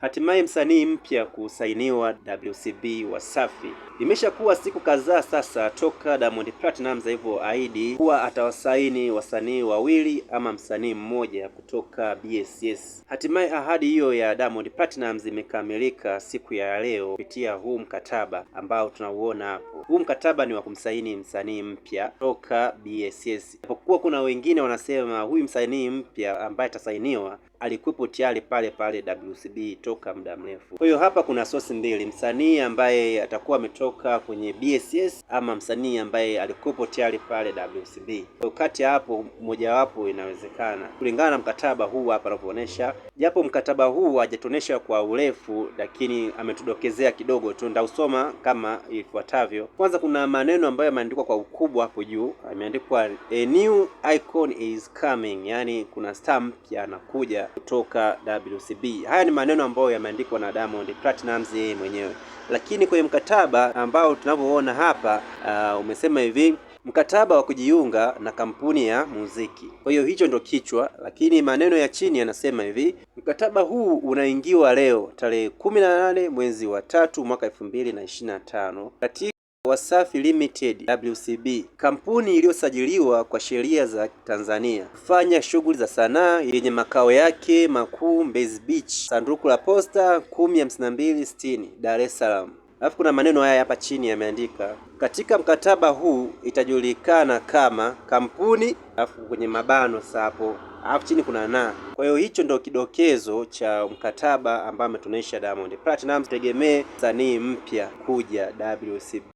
Hatimaye msanii mpya kusainiwa WCB Wasafi. Imeshakuwa siku kadhaa sasa toka Diamond Platnumz alivyoahidi kuwa atawasaini wasanii wawili ama msanii mmoja kutoka BSS. Hatimaye ahadi hiyo ya Diamond Platnumz imekamilika siku ya leo kupitia huu mkataba ambao tunauona hapo. Huu mkataba ni wa kumsaini msanii mpya toka BSS. Japokuwa kuna wengine wanasema huyu msanii mpya ambaye atasainiwa alikuwepo tayari pale pale WCB kutoka muda mrefu. Kwa hiyo hapa kuna sosi mbili, msanii ambaye atakuwa ametoka kwenye BSS ama msanii ambaye alikuwepo tayari pale WCB. Kati ya hapo mojawapo inawezekana kulingana na mkataba huu hapa anavyoonyesha, japo mkataba huu hajatuonyesha kwa urefu, lakini ametudokezea kidogo tu, ndausoma kama ifuatavyo. Kwanza kuna maneno ambayo yameandikwa kwa ukubwa hapo juu, ameandikwa a new icon is coming, yani kuna stamp mpya anakuja kutoka WCB. Haya ni maneno ambayo ambayo yameandikwa na Diamond Platinumz yeye mwenyewe. Lakini kwenye mkataba ambao tunavyoona hapa uh, umesema hivi mkataba wa kujiunga na kampuni ya muziki. Kwa hiyo hicho ndio kichwa, lakini maneno ya chini yanasema hivi: mkataba huu unaingiwa leo tarehe kumi na nane mwezi wa tatu mwaka elfu mbili na ishirini na tano katika Wasafi Limited WCB, kampuni iliyosajiliwa kwa sheria za Tanzania kufanya shughuli za sanaa yenye makao yake makuu Mbezi Beach, sanduku la posta 15260 Dar es Salaam. Alafu kuna maneno haya hapa chini yameandika, katika mkataba huu itajulikana kama kampuni, alafu kwenye mabano sapo alafu chini kuna na. Kwa hiyo hicho ndio kidokezo cha mkataba ambao ametuonyesha Diamond Platinum. Tegemee sanii mpya kuja WCB.